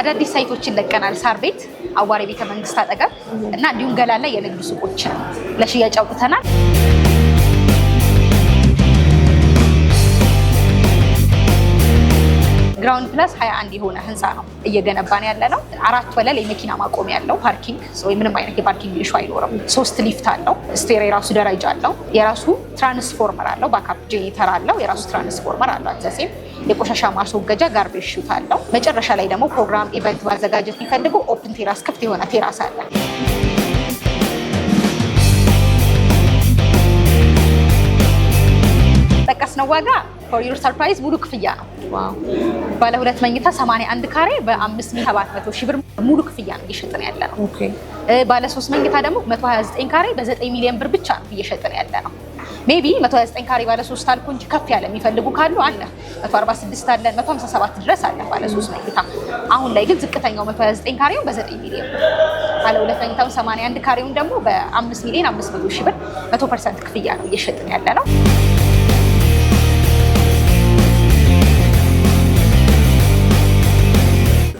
አዳዲስ ሳይቶችን ለቀናል። ሳር ቤት አዋሬ ቤተ መንግስት አጠገብ እና እንዲሁም ገላላ የንግድ ሱቆችን ለሽያጭ አውጥተናል። ግራውንድ ፕላስ 21 የሆነ ህንፃ ነው እየገነባን ያለ ነው። አራት ወለል የመኪና ማቆም ያለው ፓርኪንግ፣ ምንም አይነት የፓርኪንግ ሹ አይኖርም። ሶስት ሊፍት አለው። ስቴር የራሱ ደረጃ አለው። የራሱ ትራንስፎርመር አለው። ባካፕ ጄኔተር አለው። የራሱ ትራንስፎርመር አለው። አዘሴም የቆሻሻ ማስወገጃ ጋርቤጅ ሹት አለው። መጨረሻ ላይ ደግሞ ፕሮግራም ኢቨንት ማዘጋጀት የሚፈልጉ ኦፕን ቴራስ ክፍት የሆነ ቴራስ አለ። ጠቀስነው ዋጋ ፎር ዩር ሰርፕራይዝ ሙሉ ክፍያ ነው። ባለ ሁለት መኝታ 81 ካሬ በ5700 ሺህ ብር ሙሉ ክፍያ ነው እየሸጥን ያለ ነው። ባለ ሶስት መኝታ ደግሞ 129 ካሬ በ9 ሚሊዮን ብር ብቻ ነው እየሸጥን ያለ ነው። ቢ 129 ካሬ ባለ 3 አልኩ እንጂ ከፍ ያለ የሚፈልጉ ካሉ አለ 146 አለ 157 ድረስ አለ ባለ 3 መኝታ። አሁን ላይ ግን ዝቅተኛው 129 ካሬውን በ9 ሚሊዮን ብር፣ ባለ 2 መኝታውን 81 ካሬውን ደግሞ በ5 ሚሊዮን 500 ሺህ ብር 100% ክፍያ ነው እየሸጥን ያለ ነው።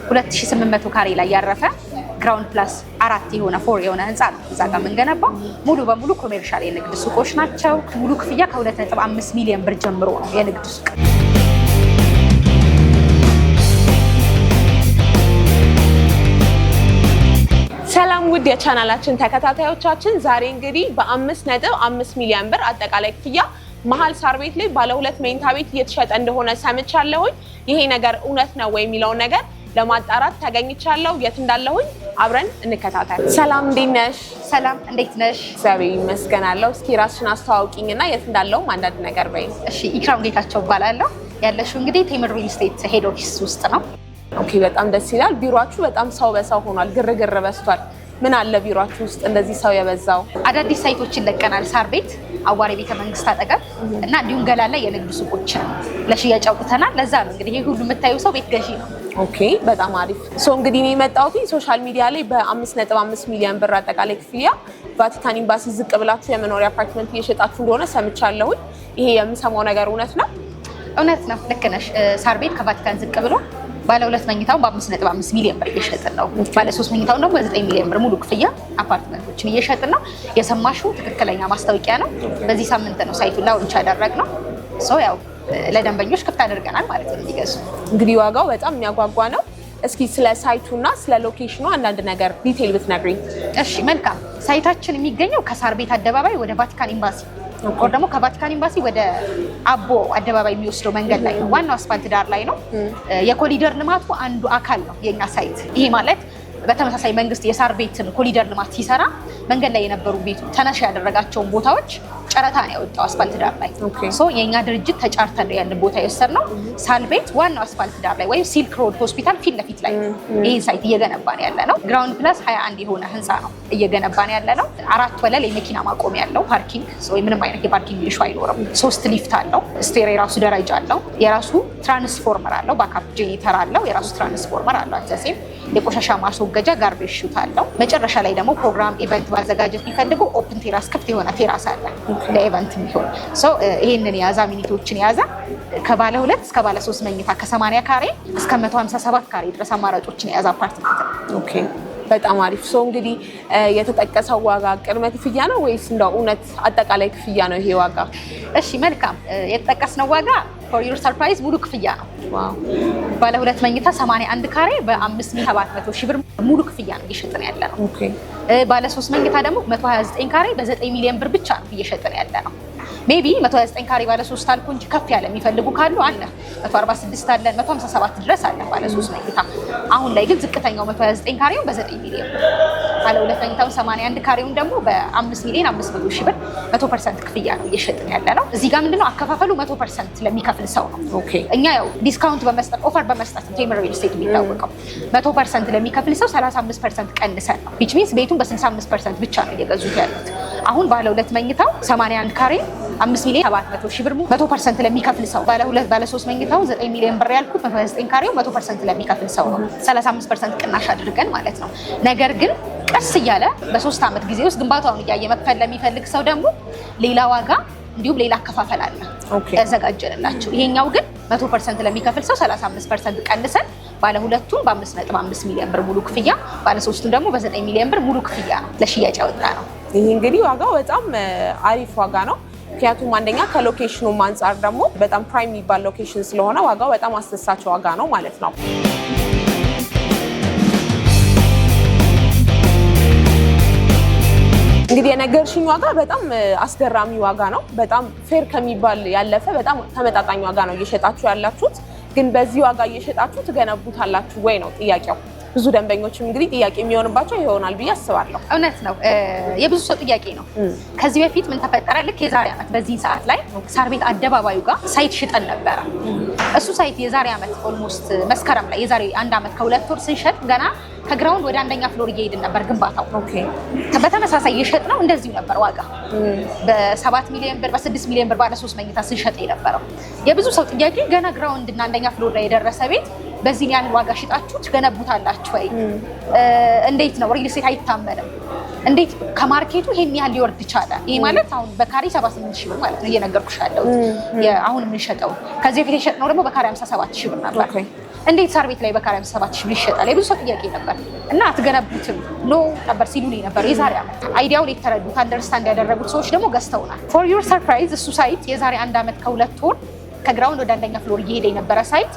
ሁለት ሺህ ስምንት መቶ ካሬ ላይ ያረፈ ግራውንድ ፕላስ አራት የሆነ ፎር የሆነ ህንፃ ነው እዛ ጋር የምንገነባው። ሙሉ በሙሉ ኮሜርሻል የንግድ ሱቆች ናቸው። ሙሉ ክፍያ ከ2.5 ሚሊዮን ብር ጀምሮ ነው የንግድ ሱቅ ውድ የቻናላችን ተከታታዮቻችን፣ ዛሬ እንግዲህ በአምስት ነጥብ አምስት ሚሊዮን ብር አጠቃላይ ክፍያ መሀል ሳር ቤት ላይ ባለ ሁለት መኝታ ቤት እየተሸጠ እንደሆነ ሰምቻለሁኝ። ይሄ ነገር እውነት ነው ወይ የሚለውን ነገር ለማጣራት ተገኝቻለሁ። የት እንዳለሁኝ አብረን እንከታተል። ሰላም እንዴት ነሽ? ሰላም እንዴት ነሽ? እግዚአብሔር ይመስገን አለሁ። እስኪ ራስሽን አስተዋውቂኝ እና የት እንዳለውም አንዳንድ ነገር በይ። እሺ፣ ኢክራም ጌታቸው እባላለሁ። ያለሽው እንግዲህ ቴምር ሪል ስቴት ሄድ ኦፊስ ውስጥ ነው። ኦኬ፣ በጣም ደስ ይላል። ቢሮችሁ በጣም ሰው በሰው ሆኗል፣ ግርግር በዝቷል። ምን አለ ቢሮችሁ ውስጥ እንደዚህ ሰው የበዛው? አዳዲስ ሳይቶችን ለቀናል። ሳር ቤት፣ አዋሬ ቤተ መንግስት አጠገብ እና እንዲሁም ገላ ላይ የንግድ ሱቆችን ለሽያጭ አውጥተናል። ለዛ ነው እንግዲህ ይህ ሁሉ የምታዩ ሰው ቤት ገዢ ነው። ኦኬ በጣም አሪፍ። ሶ እንግዲህ እኔ የመጣሁት ሶሻል ሚዲያ ላይ በአምስት ነጥብ አምስት ሚሊዮን ብር አጠቃላይ ክፍያ ቫቲካን ኤምባሲ ዝቅ ብላችሁ የመኖሪያ አፓርትመንት እየሸጣችሁ እንደሆነ ሰምቻለሁኝ። ይሄ የምሰማው ነገር እውነት ነው? እውነት ነው። ልክ ነሽ። ሳር ቤት ከቫቲካን ዝቅ ብሎ ባለ ሁለት መኝታውን በአምስት ነጥብ አምስት ሚሊዮን ብር እየሸጥን ነው። ባለ ሶስት መኝታውን ደግሞ በዘጠኝ ሚሊዮን ብር ሙሉ ክፍያ አፓርትመንቶችን እየሸጥን ነው። የሰማሽው ትክክለኛ ማስታወቂያ ነው። በዚህ ሳምንት ነው ሳይቱ ላውንች ያደረግነው። ያው ለደንበኞች ክፍት አድርገናል ማለት ነው እንዲገዙ። እንግዲህ ዋጋው በጣም የሚያጓጓ ነው። እስኪ ስለ ሳይቱ እና ስለ ሎኬሽኑ አንዳንድ ነገር ዲቴይል ብትነግሪኝ። እሺ መልካም። ሳይታችን የሚገኘው ከሳር ቤት አደባባይ ወደ ቫቲካን ኤምባሲ ወር ደግሞ ከቫቲካን ኤምባሲ ወደ አቦ አደባባይ የሚወስደው መንገድ ላይ ነው። ዋናው አስፋልት ዳር ላይ ነው። የኮሊደር ልማቱ አንዱ አካል ነው የኛ ሳይት። ይሄ ማለት በተመሳሳይ መንግስት የሳር ቤትን ኮሊደር ልማት ሲሰራ መንገድ ላይ የነበሩ ቤቱ ተነሻ ያደረጋቸውን ቦታዎች ጨረታ ነው ያወጣው አስፋልት ዳር ላይ። የእኛ ድርጅት ተጫርተን ያንን ቦታ የወሰድ ነው። ሳል ቤት ዋናው አስፋልት ዳር ላይ ወይም ሲልክ ሮድ ሆስፒታል ፊት ለፊት ላይ ይህን ሳይት እየገነባ ነው ያለ ነው። ግራውንድ ፕላስ 21 የሆነ ህንፃ ነው እየገነባ ነው ያለ ነው። አራት ወለል የመኪና ማቆም ያለው ፓርኪንግ፣ ምንም አይነት የፓርኪንግ ኢሹ አይኖርም። ሶስት ሊፍት አለው። ስቴር የራሱ ደረጃ አለው። የራሱ ትራንስፎርመር አለው። ባካፕ ጄኔተር አለው። የራሱ ትራንስፎርመር አለው። አት የቆሻሻ ማስወገጃ ጋርቤጅ ሹት አለው። መጨረሻ ላይ ደግሞ ፕሮግራም ኢቨንት ማዘጋጀት የሚፈልጉ ኦፕን ቴራስ ክፍት የሆነ ቴራስ አለ ለኢቨንት የሚሆን ይህንን የያዘ አሚኒቲዎችን የያዘ ከባለ ሁለት እስከ ባለ ሶስት መኝታ ከ ካሬ እስከ መቶ ሰባት ካሬ ድረስ አማራጮችን የያዘ አፓርትመንት ነው። ኦኬ በጣም አሪፍ ሰው እንግዲህ የተጠቀሰው ዋጋ ቅድመ ክፍያ ነው ወይስ እንደው እውነት አጠቃላይ ክፍያ ነው ይሄ ዋጋ? እሺ መልካም የተጠቀስነው ዋጋ ፎር ዩር ሰርፕራይዝ ሙሉ ክፍያ ነው። ባለ ሁለት መኝታ 81 ካሬ በ5700 ሺህ ብር ሙሉ ክፍያ ነው እየሸጥን ያለ ነው። ባለ ሶስት መኝታ ደግሞ 129 ካሬ በ9 ሚሊዮን ብር ብቻ ነው እየሸጥን ያለ ነው። ቢ 129 ካሬ ባለ ሶስት አልኩ እንጂ ከፍ ያለ የሚፈልጉ ካሉ አለ 146 አለ 157 ድረስ አለ ባለ ሶስት መኝታ። አሁን ላይ ግን ዝቅተኛው 129 ካሬውን በ9 ሚሊዮን ብር ባለ ሁለት መኝታው 81 ካሬውን ደግሞ በ5 ሚሊዮን 500 ሺህ ብር 100% ክፍያ ነው እየሸጥን ያለ ነው። እዚህ ጋር ምንድነው አከፋፈሉ 100% ለሚከፍል ሰው ነው። እኛ ያው ዲስካውንት በመስጠት ኦፈር በመስጠት ቴምር ሪል ስቴት የሚታወቀው 100% ለሚከፍል ሰው 35% ቀንሰን ነው። ዊች ሚንስ ቤቱን በ65% ብቻ ነው እየገዙት ያሉት። አሁን ባለ ሁለት መኝታው 81 ካሬ አምስት ሚሊዮን ሰባት መቶ ሺህ ብር መቶ ፐርሰንት ለሚከፍል ሰው ባለ ሁለት ባለ ሶስት መኝታው ዘጠኝ ሚሊዮን ብር ያልኩት 9 ዘጠኝ ካሬው መቶ ፐርሰንት ለሚከፍል ሰው ነው። ሰላሳ አምስት ፐርሰንት ቅናሽ አድርገን ማለት ነው። ነገር ግን ቀስ እያለ በሶስት ዓመት ጊዜ ውስጥ ግንባታውን እያየ መክፈል ለሚፈልግ ሰው ደግሞ ሌላ ዋጋ እንዲሁም ሌላ አከፋፈል አለ ያዘጋጀንላቸው። ይሄኛው ግን መቶ ፐርሰንት ለሚከፍል ሰው ሰላሳ አምስት ፐርሰንት ቀንሰን ባለ ሁለቱም በአምስት ነጥብ አምስት ሚሊዮን ብር ሙሉ ክፍያ፣ ባለ ሶስቱም ደግሞ በዘጠኝ ሚሊዮን ብር ሙሉ ክፍያ ነው ለሽያጭ ያወጣ ነው። ይህ እንግዲህ ዋጋው በጣም አሪፍ ዋጋ ነው። ምክንያቱም አንደኛ ከሎኬሽኑ አንጻር ደግሞ በጣም ፕራይም የሚባል ሎኬሽን ስለሆነ ዋጋው በጣም አስደሳች ዋጋ ነው ማለት ነው። እንግዲህ የነገርሽኝ ዋጋ በጣም አስገራሚ ዋጋ ነው። በጣም ፌር ከሚባል ያለፈ በጣም ተመጣጣኝ ዋጋ ነው እየሸጣችሁ ያላችሁት። ግን በዚህ ዋጋ እየሸጣችሁ ትገነቡታላችሁ ወይ ነው ጥያቄው። ብዙ ደንበኞችም እንግዲህ ጥያቄ የሚሆንባቸው ይሆናል ብዬ አስባለሁ። እውነት ነው፣ የብዙ ሰው ጥያቄ ነው። ከዚህ በፊት ምን ተፈጠረ? ልክ የዛሬ ዓመት በዚህ ሰዓት ላይ ሳር ቤት አደባባዩ ጋር ሳይት ሽጠን ነበረ። እሱ ሳይት የዛሬ ዓመት ኦልሞስት መስከረም ላይ የዛሬ አንድ ዓመት ከሁለት ወር ስንሸጥ ገና ከግራውንድ ወደ አንደኛ ፍሎር እየሄድን ነበር ግንባታው። በተመሳሳይ የሸጥ ነው እንደዚሁ ነበር ዋጋ በሰባት ሚሊዮን ብር በስድስት ሚሊዮን ብር ባለሶስት መኝታ ስንሸጥ የነበረው የብዙ ሰው ጥያቄ ገና ግራውንድ እና አንደኛ ፍሎር ላይ የደረሰ ቤት በዚህን ያህል ዋጋ ሽጣችሁ ትገነቡታላችሁ ወይ? እንዴት ነው? ሪል ስቴት አይታመንም። እንዴት ከማርኬቱ ይሄን ያህል ሊወርድ ይቻለ? ይሄ ማለት አሁን በካሬ 78 ሺህ ብር ማለት ነው እየነገርኩሽ ያለሁት አሁን የምንሸጠው። ከዚህ በፊት የሸጥነው ደግሞ በካሬ 57 ሺህ ብር ነበር። እንዴት ሳር ቤት ላይ በካሬ 57 ሺህ ብር ይሸጣል? የብዙ ሰው ጥያቄ ነበር እና አትገነቡትም ኖ ነበር ሲሉኝ ነበር። የዛሬ ዓመት አይዲያውን የተረዱት አንደርስታንድ ያደረጉት ሰዎች ደግሞ ገዝተውናል። ፎር ዩር ሰርፕራይዝ እሱ ሳይት የዛሬ አንድ ዓመት ከሁለት ወር ከግራውንድ ወደ አንደኛ ፍሎር እየሄደ የነበረ ሳይት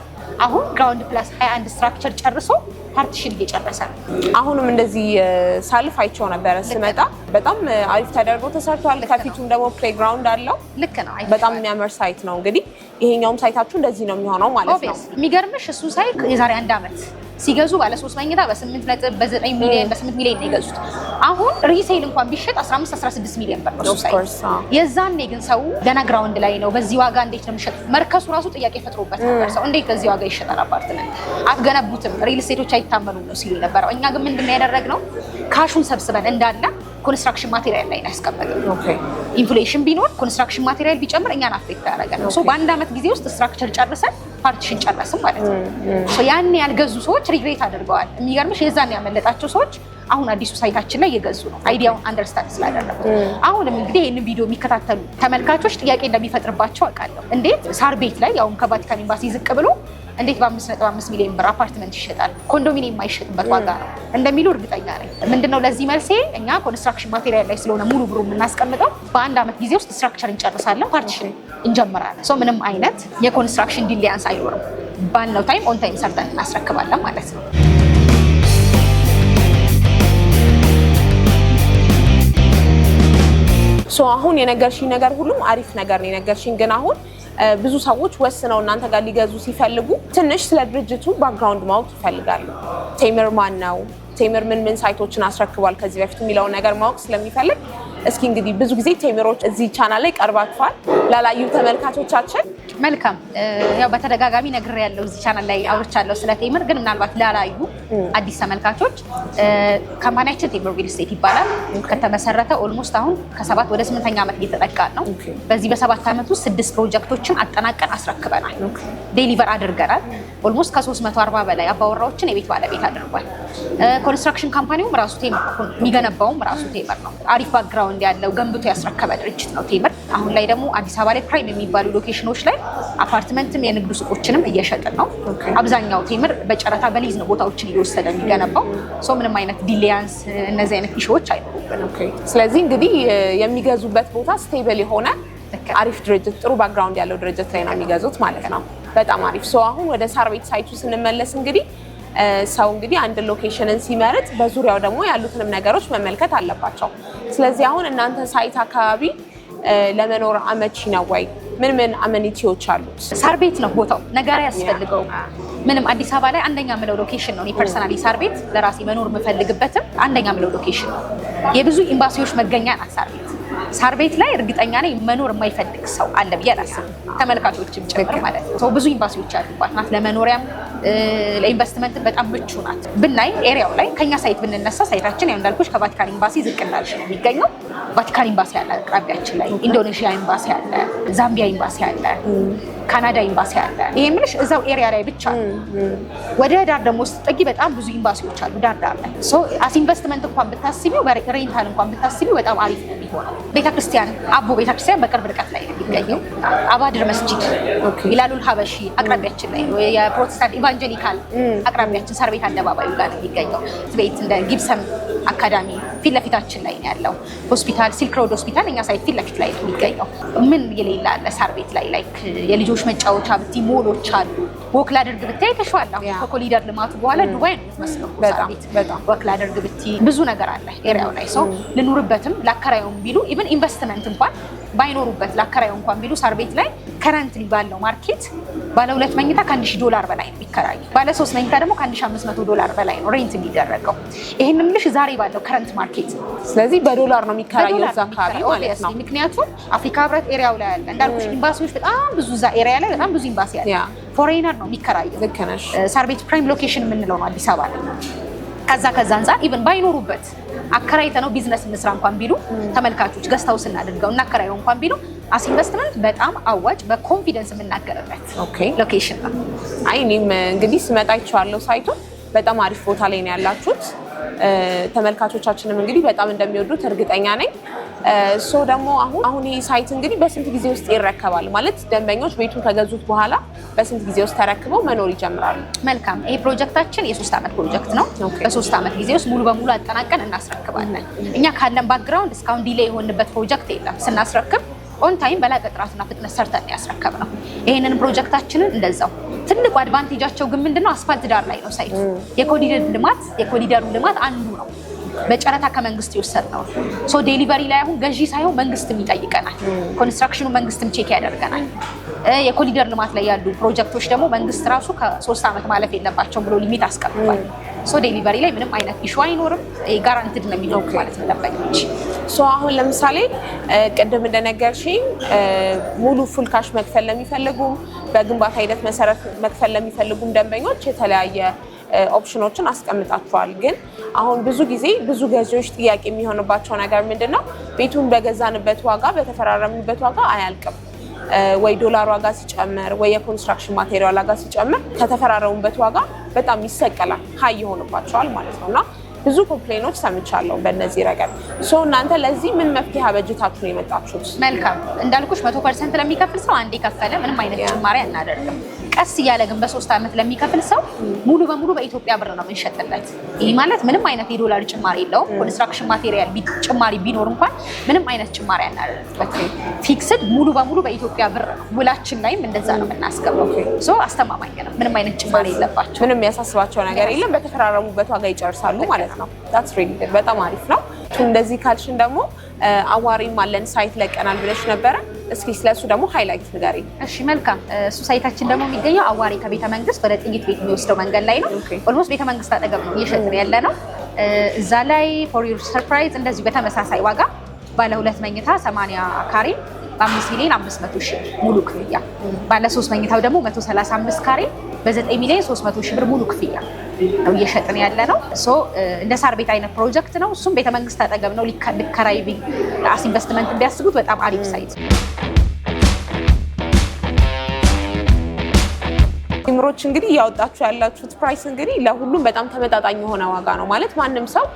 አሁን ግራውንድ ፕላስ 21 ስትራክቸር ጨርሶ ፓርቲሽን እየጨረሰ ነው። አሁንም እንደዚህ ሳልፍ አይቸው ነበረ ስመጣ፣ በጣም አሪፍ ተደርጎ ተሰርቷል። ከፊቱም ደግሞ ፕሌግራውንድ አለው። ልክ ነው። በጣም የሚያምር ሳይት ነው። እንግዲህ ይሄኛውም ሳይታችሁ እንደዚህ ነው የሚሆነው ማለት ነው። የሚገርምሽ እሱ ሳይት የዛሬ አንድ አመት። ሲገዙ ባለ ሶስት መኝታ በ8 ነጥብ በ9 ሚሊዮን በ8 ሚሊዮን ነው የገዙት። አሁን ሪሴል እንኳን ቢሸጥ 15 16 ሚሊዮን ብር ነው የዛኔ ግን ሰው ገና ግራውንድ ላይ ነው። በዚህ ዋጋ እንዴት ነው የሚሸጥ? መርከሱ ራሱ ጥያቄ ፈጥሮበት ነበር። ሰው እንዴት በዚህ ዋጋ ይሸጣል? አፓርትመንት አትገነቡትም፣ ሪል ስቴቶች አይታመኑም ነው ሲሉ ነበረው። እኛ ግን ምንድን ያደረግ ነው ካሹን ሰብስበን እንዳለ ኮንስትራክሽን ማቴሪያል ላይ ያስቀመጥ ኢንፍሌሽን ቢኖር ኮንስትራክሽን ማቴሪያል ቢጨምር እኛን አፌክት ያደረገ በአንድ ዓመት ጊዜ ውስጥ ስትራክቸር ጨርሰን ፓርቲሽን ጨረስም ማለት ነው። ያን ያልገዙ ሰዎች ሪግሬት አድርገዋል። የሚገርምሽ የዛን ያመለጣቸው ሰዎች አሁን አዲሱ ሳይታችን ላይ የገዙ ነው። አይዲያውን አንደርስታንድ ስላደረጉ አሁንም እንግዲህ ይህንን ቪዲዮ የሚከታተሉ ተመልካቾች ጥያቄ እንደሚፈጥርባቸው አውቃለሁ። እንዴት ሳር ቤት ላይ ያውም ከቫቲካን ኤምባሲ ዝቅ ብሎ እንዴት በአምስት 5 ስት ሚሊዮን ብር አፓርትመንት ይሸጣል? ኮንዶሚኒየም የማይሸጥበት ዋጋ ነው እንደሚሉ እርግጠኛ ነኝ። ምንድነው ለዚህ መልሴ እኛ ኮንስትራክሽን ማቴሪያል ላይ ስለሆነ ሙሉ ብሩ የምናስቀምጠው በአንድ ዓመት ጊዜ ውስጥ ስትራክቸር እንጨርሳለን፣ ፓርቲሽን እንጀምራለን። ሰው ምንም አይነት የኮንስትራክሽን ዲሊያንስ አይኖርም። ባልነው ታይም ኦን ታይም ሰርተን እናስረክባለን ማለት ነው። አሁን የነገርሽኝ ነገር ሁሉም አሪፍ ነገር ነው የነገርሽኝ ግን አሁን ብዙ ሰዎች ወስነው እናንተ ጋር ሊገዙ ሲፈልጉ ትንሽ ስለ ድርጅቱ ባክግራውንድ ማወቅ ይፈልጋሉ። ቴምር ማን ነው? ቴምር ምን ምን ሳይቶችን አስረክቧል ከዚህ በፊት የሚለውን ነገር ማወቅ ስለሚፈልግ እስኪ እንግዲህ ብዙ ጊዜ ቴምሮች እዚህ ቻናል ላይ ቀርባችኋል። ላላዩ ተመልካቾቻችን መልካም ያው በተደጋጋሚ ነግሬያለሁ፣ እዚህ ቻናል ላይ አውርቻለሁ ስለ ቴምር። ግን ምናልባት ላላዩ አዲስ ተመልካቾች ካምፓኒያችን ቴምር ሪል ስቴት ይባላል። ከተመሰረተ ኦልሞስት አሁን ከሰባት ወደ ስምንተኛ ዓመት እየተጠቃ ነው። በዚህ በሰባት ዓመት ውስጥ ስድስት ፕሮጀክቶችን አጠናቀን አስረክበናል፣ ዴሊቨር አድርገናል። ኦልሞስት ከ340 በላይ አባወራዎችን የቤት ባለቤት አድርጓል። ኮንስትራክሽን ካምፓኒውም ራሱ ቴምር የሚገነባውም ራሱ ቴምር ነው። አሪፍ ባክግራውንድ ባክግራውንድ ያለው ገንብቶ ያስረከበ ድርጅት ነው ቴምር። አሁን ላይ ደግሞ አዲስ አበባ ላይ ፕራይም የሚባሉ ሎኬሽኖች ላይ አፓርትመንትም የንግድ ሱቆችንም እየሸጥን ነው። አብዛኛው ቴምር በጨረታ በሊዝ ነው ቦታዎችን እየወሰደ የሚገነባው። ሰው ምንም አይነት ዲሊያንስ እነዚህ አይነት ኢሹዎች አይኖሩብንም። ስለዚህ እንግዲህ የሚገዙበት ቦታ ስቴብል የሆነ አሪፍ ድርጅት፣ ጥሩ ባክግራውንድ ያለው ድርጅት ላይ ነው የሚገዙት ማለት ነው። በጣም አሪፍ ሰው። አሁን ወደ ሳር ቤት ሳይቱ ስንመለስ እንግዲህ ሰው እንግዲህ አንድ ሎኬሽንን ሲመርጥ በዙሪያው ደግሞ ያሉትንም ነገሮች መመልከት አለባቸው። ስለዚህ አሁን እናንተ ሳይት አካባቢ ለመኖር አመቺ ነው ወይ? ምን ምን አመኒቲዎች አሉት? ሳር ቤት ነው ቦታው፣ ነገር ያስፈልገው ምንም አዲስ አበባ ላይ አንደኛ ምለው ሎኬሽን ነው። ፐርሰናሊ ሳር ቤት ለራሴ መኖር የምፈልግበትም አንደኛ ምለው ሎኬሽን ነው። የብዙ ኤምባሲዎች መገኛ ናት ሳር ቤት። ሳር ቤት ላይ እርግጠኛ ነኝ መኖር የማይፈልግ ሰው አለ ብዬ አላስብም፣ ተመልካቾችም ጭምር ማለት ነው። ብዙ ኤምባሲዎች ያሉባት ናት ለመኖሪያም ለኢንቨስትመንት በጣም ምቹ ናት። ብናይ ኤሪያው ላይ ከኛ ሳይት ብንነሳ ሳይታችን ያው እንዳልኩሽ ከቫቲካን ኤምባሲ ዝቅ እንዳልሽ ነው የሚገኘው። ቫቲካን ኤምባሲ አለ አቅራቢያችን ላይ፣ ኢንዶኔዥያ ኤምባሲ አለ፣ ዛምቢያ ኤምባሲ አለ፣ ካናዳ ኤምባሲ አለ። ይሄ የምልሽ እዛው ኤሪያ ላይ ብቻ ወደ ዳር ደግሞ ስትጠጊ በጣም ብዙ ኤምባሲዎች አሉ ዳር ዳር ላይ። አስ ኢንቨስትመንት እንኳን ብታስቢው፣ ሬንታል እንኳን ብታስቢው በጣም አሪፍ ነው። ቤተክርስቲያን አቦ ቤተክርስቲያን በቅርብ ርቀት ላይ የሚገኘው አባድር መስጂድ ይላሉል ሀበሺ አቅራቢያችን ላይ የፕሮቴስታንት ኢቫንጀሊካል አቅራቢያችን ሳር ቤት አደባባዩ ጋር የሚገኘው ቤት እንደ ጊብሰን አካዳሚ ፊት ለፊታችን ላይ ነው ያለው ሆስፒታል፣ ሲልክ ሮድ ሆስፒታል እኛ ሳይት ፊት ለፊት ላይ ነው የሚገኘው። ምን የሌላ አለ? ሳር ቤት ላይ ላይክ የልጆች መጫወቻ ብቲ ሞሎች አሉ። ወክ ላድርግ ብቲ አይተሽዋል። አሁን ከኮሊደር ልማቱ በኋላ ዱባይ ነው የምትመስለው ሳር ቤት። ወክ ላድርግ ብቲ ብዙ ነገር አለ ኤሪያው ላይ ሰው ልኑርበትም ላከራዩም ቢሉ ኢቨን ኢንቨስትመንት እንኳን ባይኖሩበት ለአከራዩ እንኳን ቢሉ ሳር ቤት ላይ ከረንትሊ ባለው ማርኬት ባለ ሁለት መኝታ ከአንድ ሺህ ዶላር በላይ የሚከራዩ ባለ ሶስት መኝታ ደግሞ ከአንድ ሺህ አምስት መቶ ዶላር በላይ ነው ሬንት የሚደረገው። ይህን ምልሽ ዛሬ ባለው ከረንት ማርኬት። ስለዚህ በዶላር ነው የሚከራዩ እዛ አካባቢ ማለት ነው። ምክንያቱም አፍሪካ ህብረት ኤሪያው ላይ ያለ እንዳልኩሽ ኢምባሲዎች በጣም ብዙ እዛ ኤሪያ ላይ በጣም ብዙ ኢምባሲ ያለ ፎሬነር ነው የሚከራዩ። ልክ ነሽ። ሳር ቤት ፕራይም ሎኬሽን የምንለው ነው አዲስ አበባ ላይ ከዛ ከዛ አንጻር ኢቭን ባይኖሩበት አከራይተ ነው ቢዝነስ እንስራ እንኳን ቢሉ ተመልካቾች ገዝተው ስናደርገው እና አከራየው እንኳን ቢሉ አስ ኢንቨስትመንት በጣም አዋጭ በኮንፊደንስ የምናገርበት ሎኬሽን ነው። አይ እኔም እንግዲህ ስመጣ ይቼዋለሁ። ሳይቱ በጣም አሪፍ ቦታ ላይ ነው ያላችሁት። ተመልካቾቻችንም እንግዲህ በጣም እንደሚወዱት እርግጠኛ ነኝ። ሶ ደግሞ አሁን አሁን ይህ ሳይት እንግዲህ በስንት ጊዜ ውስጥ ይረከባል? ማለት ደንበኞች ቤቱን ከገዙት በኋላ በስንት ጊዜ ውስጥ ተረክበው መኖር ይጀምራሉ? መልካም። ይሄ ፕሮጀክታችን የሶስት ዓመት ፕሮጀክት ነው። በሶስት ዓመት ጊዜ ውስጥ ሙሉ በሙሉ አጠናቀን እናስረክባለን። እኛ ካለን ባክግራውንድ እስካሁን ዲሌ የሆንበት ፕሮጀክት የለም። ስናስረክብ ኦን ታይም በላቀ ጥራትና ፍጥነት ሰርተን ያስረከብ ነው። ይህንን ፕሮጀክታችንን እንደዛው ትልቁ አድቫንቴጃቸው ግን ምንድነው? አስፋልት ዳር ላይ ነው ሳይቱ። የኮሪደር ልማት የኮሪደሩ ልማት አንዱ ነው በጨረታ ከመንግስት የወሰድ ነው። ሶ ዴሊቨሪ ላይ አሁን ገዢ ሳይሆን መንግስትም ይጠይቀናል። ኮንስትራክሽኑ መንግስትም ቼክ ያደርገናል። የኮሊደር ልማት ላይ ያሉ ፕሮጀክቶች ደግሞ መንግስት ራሱ ከሶስት ዓመት ማለፍ የለባቸውም ብሎ ሊሚት አስቀምጧል። ሶ ዴሊቨሪ ላይ ምንም አይነት ኢሹ አይኖርም። ጋራንትድ ነው የሚለው ማለት ነው ሶ አሁን ለምሳሌ ቅድም እንደነገርሽኝ ሙሉ ፉል ካሽ መክፈል ለሚፈልጉም በግንባታ ሂደት መሰረት መክፈል ለሚፈልጉም ደንበኞች የተለያየ ኦፕሽኖችን አስቀምጣችኋል። ግን አሁን ብዙ ጊዜ ብዙ ገዢዎች ጥያቄ የሚሆንባቸው ነገር ምንድን ነው? ቤቱን በገዛንበት ዋጋ በተፈራረምንበት ዋጋ አያልቅም ወይ ዶላር ዋጋ ሲጨምር ወይ የኮንስትራክሽን ማቴሪያል ዋጋ ሲጨምር ከተፈራረሙበት ዋጋ በጣም ይሰቀላል፣ ሀይ ይሆንባቸዋል ማለት ነው እና ብዙ ኮምፕሌኖች ሰምቻለሁ በእነዚህ ረገድ። ሶ እናንተ ለዚህ ምን መፍትሄ በጀታችሁ ነው የመጣችሁት? መልካም እንዳልኩሽ መቶ ፐርሰንት ለሚከፍል ሰው አንዴ የከፈለ ምንም አይነት ጭማሪ አናደርግም። ቀስ እያለ ግን በሶስት ዓመት ለሚከፍል ሰው ሙሉ በሙሉ በኢትዮጵያ ብር ነው የምንሸጥለት። ይህ ማለት ምንም አይነት የዶላር ጭማሪ የለውም። ኮንስትራክሽን ማቴሪያል ጭማሪ ቢኖር እንኳን ምንም አይነት ጭማሪ ያናለበት ፊክስድ ሙሉ በሙሉ በኢትዮጵያ ብር ነው። ውላችን ላይም እንደዛ ነው የምናስገባው። አስተማማኝ ነው። ምንም አይነት ጭማሪ የለባቸው። ምንም ያሳስባቸው ነገር የለም። በተፈራረሙበት ዋጋ ይጨርሳሉ ማለት ነው። በጣም አሪፍ ነው። እንደዚህ ካልሽን ደግሞ አዋሪም አለን ሳይት ለቀናል ብለሽ ነበረ። እስኪ ስለሱ ደግሞ ሃይላይት ንገሪ። እሺ መልካም። እሱ ሳይታችን ደግሞ የሚገኘው አዋሪ ከቤተ መንግስት ወደ ጥይት ቤት የሚወስደው መንገድ ላይ ነው። ኦልሞስት ቤተ መንግስት አጠገብ ነው እየሸጥን ያለ ነው። እዛ ላይ ፎር ዩር ሰርፕራይዝ እንደዚሁ በተመሳሳይ ዋጋ ባለ ሁለት መኝታ 80 ካሬ በአምስት ሚሊዮን አምስት መቶ ሺ ሙሉ ክፍያ፣ ባለ ሶስት መኝታው ደግሞ መቶ ሰላሳ አምስት ካሬ በዘጠኝ ሚሊዮን ሶስት መቶ ሺ ብር ሙሉ ክፍያ ነው እየሸጥን ያለ ነው። እንደ ሳር ቤት አይነት ፕሮጀክት ነው። እሱም ቤተመንግስት አጠገብ ነው። ሊከራይ አስ ኢንቨስትመንት ቢያስቡት በጣም አሪፍ ሳይት ቲምሮች እንግዲህ እያወጣችሁ ያላችሁት ፕራይስ እንግዲህ ለሁሉም በጣም ተመጣጣኝ የሆነ ዋጋ ነው ማለት ማንም ሰው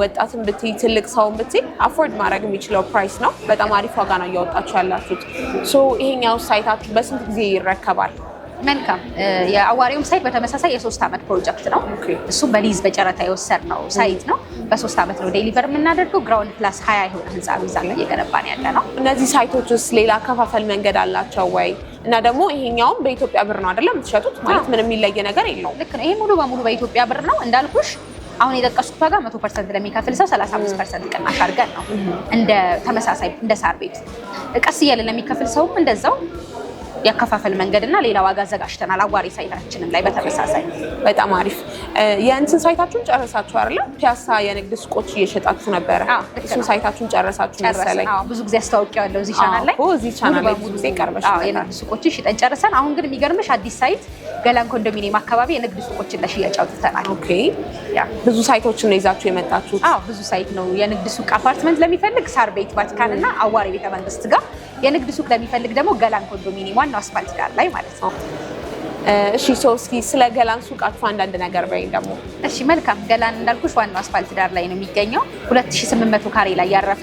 ወጣትን ብትይ ትልቅ ሰውን ብትይ አፎርድ ማድረግ የሚችለው ፕራይስ ነው። በጣም አሪፍ ዋጋ ነው እያወጣችሁ ያላችሁት። ሶ ይሄኛው ሳይታችሁ በስንት ጊዜ ይረከባል? መልካም የአዋሪውም ሳይት በተመሳሳይ የሶስት ዓመት ፕሮጀክት ነው። እሱም በሊዝ በጨረታ የወሰድ ነው ሳይት ነው። በሶስት ዓመት ነው ዴሊቨር የምናደርገው። ግራውንድ ፕላስ ሀያ የሆነ ህንፃ ነው ይዛ እየገነባን ያለ ነው። እነዚህ ሳይቶች ውስጥ ሌላ አከፋፈል መንገድ አላቸው ወይ? እና ደግሞ ይሄኛውም በኢትዮጵያ ብር ነው አይደለም የምትሸጡት? ማለት ምንም የሚለየ ነገር የለውም። ልክ ነው። ይሄ ሙሉ በሙሉ በኢትዮጵያ ብር ነው እንዳልኩሽ አሁን የጠቀሱት ዋጋ መቶ ፐርሰንት ለሚከፍል ሰው ሰላሳ አምስት ፐርሰንት ቅናሽ አድርገን ነው እንደ ተመሳሳይ እንደ ሳር ቤት ቀስ እያለ ለሚከፍል ሰውም እንደዛው የከፋፈል መንገድና ሌላ ዋጋ አዘጋጅተናል። አዋሪ ሳይታችንም ላይ በተመሳሳይ በጣም አሪፍ የእንትን ሳይታችሁን ጨረሳችሁ አይደለ? ፒያሳ የንግድ ሱቆች እየሸጣችሁ ነበረ። እሱን ሳይታችሁን ጨረሳችሁ መሰለኝ። ብዙ ጊዜ አስታውቂያለሁ እዚህ ቻናል ላይ እዚህ ቻናል ላይ ብዙ ጊዜ ቀርበሽ የንግድ ሱቆችን ሽጠን ጨርሰን፣ አሁን ግን የሚገርምሽ አዲስ ሳይት ገላን ኮንዶሚኒየም አካባቢ የንግድ ሱቆችን ለሽያጭ አውጥተናል። ኦኬ ብዙ ሳይቶችን ነው ይዛችሁ የመጣችሁት? አዎ ብዙ ሳይት ነው የንግድ ሱቅ አፓርትመንት ለሚፈልግ ሳር ቤት ቫቲካን እና አዋሪ ቤተመንግስት ጋር የንግድ ሱቅ ለሚፈልግ ደግሞ ገላን ኮንዶሚኒየም ዋናው አስፋልት ዳር ላይ ማለት ነው። እሺ ሰው እስኪ ስለ ገላን ሱቃችሁ አንዳንድ ነገር በይኝ ደግሞ። እሺ መልካም። ገላን እንዳልኩሽ ዋናው አስፋልት ዳር ላይ ነው የሚገኘው 2800 ካሬ ላይ ያረፈ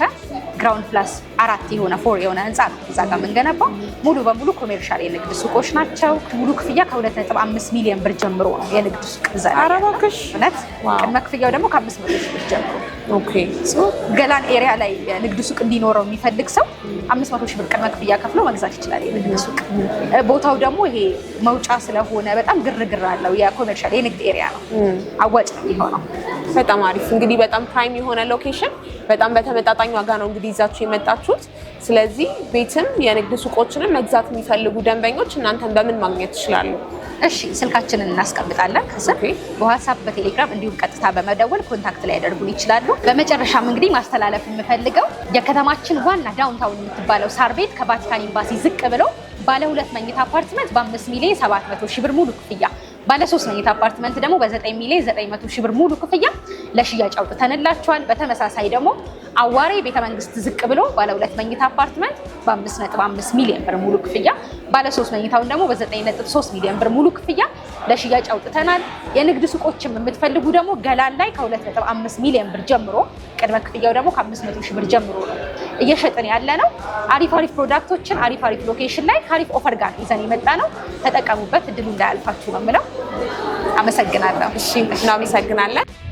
ግራውንድ ፕላስ አራት የሆነ ፎር የሆነ ህንፃ ነው እዛ ጋር የምንገነባው። ሙሉ በሙሉ ኮሜርሻል የንግድ ሱቆች ናቸው። ሙሉ ክፍያ ከ2.5 ሚሊዮን ብር ጀምሮ ነው የንግድ ሱቅ እዛ እውነት። ቅድመ ክፍያው ደግሞ ከ500 ሺህ ብር ጀምሮ። ገላን ኤሪያ ላይ ንግድ ሱቅ እንዲኖረው የሚፈልግ ሰው 500 ሺህ ብር ቅድመ ክፍያ ከፍሎ መግዛት ይችላል የንግድ ሱቅ። ቦታው ደግሞ ይሄ መውጫ ስለሆነ በጣም ግርግር አለው። የኮሜርሻል የንግድ ኤሪያ ነው፣ አዋጭ ነው የሚሆነው። በጣም አሪፍ እንግዲህ፣ በጣም ፕራይም የሆነ ሎኬሽን፣ በጣም በተመጣጣኝ ዋጋ ነው እንግዲህ ይዛችሁ የመጣችሁ ያላችሁት። ስለዚህ ቤትም የንግድ ሱቆችንም መግዛት የሚፈልጉ ደንበኞች እናንተን በምን ማግኘት ይችላሉ? እሺ ስልካችንን እናስቀምጣለን ከስር በዋትሳፕ በቴሌግራም እንዲሁም ቀጥታ በመደወል ኮንታክት ላይ ያደርጉን ይችላሉ። በመጨረሻም እንግዲህ ማስተላለፍ የምፈልገው የከተማችን ዋና ዳውንታውን የምትባለው ሳር ቤት ከቫቲካን ኤምባሲ ዝቅ ብሎ ባለ ሁለት መኝታ አፓርትመንት በአምስት ሚሊዮን ሰባት መቶ ሺህ ብር ሙሉ ክፍያ ባለ ሶስት መኝታ አፓርትመንት ደግሞ በ9 ሚሊዮን 900 ሺህ ብር ሙሉ ክፍያ ለሽያጭ አውጥተንላቸዋል። በተመሳሳይ ደግሞ አዋሬ ቤተመንግስት ዝቅ ብሎ ባለ ሁለት መኝታ አፓርትመንት በ5.5 ሚሊዮን ብር ሙሉ ክፍያ፣ ባለ ሶስት መኝታውን ደግሞ በ9.3 ሚሊዮን ብር ሙሉ ክፍያ ለሽያጭ አውጥተናል። የንግድ ሱቆችም የምትፈልጉ ደግሞ ገላን ላይ ከ2.5 ሚሊዮን ብር ጀምሮ ቅድመ ክፍያው ደግሞ ከ500 ሺህ ብር ጀምሮ ነው እየሸጥን ያለ ነው። አሪፍ አሪፍ ፕሮዳክቶችን አሪፍ አሪፍ ሎኬሽን ላይ ከአሪፍ ኦፈር ጋር ይዘን የመጣ ነው። ተጠቀሙበት፣ እድሉ እንዳያልፋችሁ ነው የምለው። አመሰግናለሁ። እሺ፣ እናመሰግናለን።